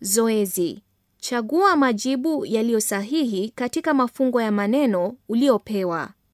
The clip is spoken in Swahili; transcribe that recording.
Zoezi: chagua majibu yaliyo sahihi katika mafungo ya maneno uliopewa.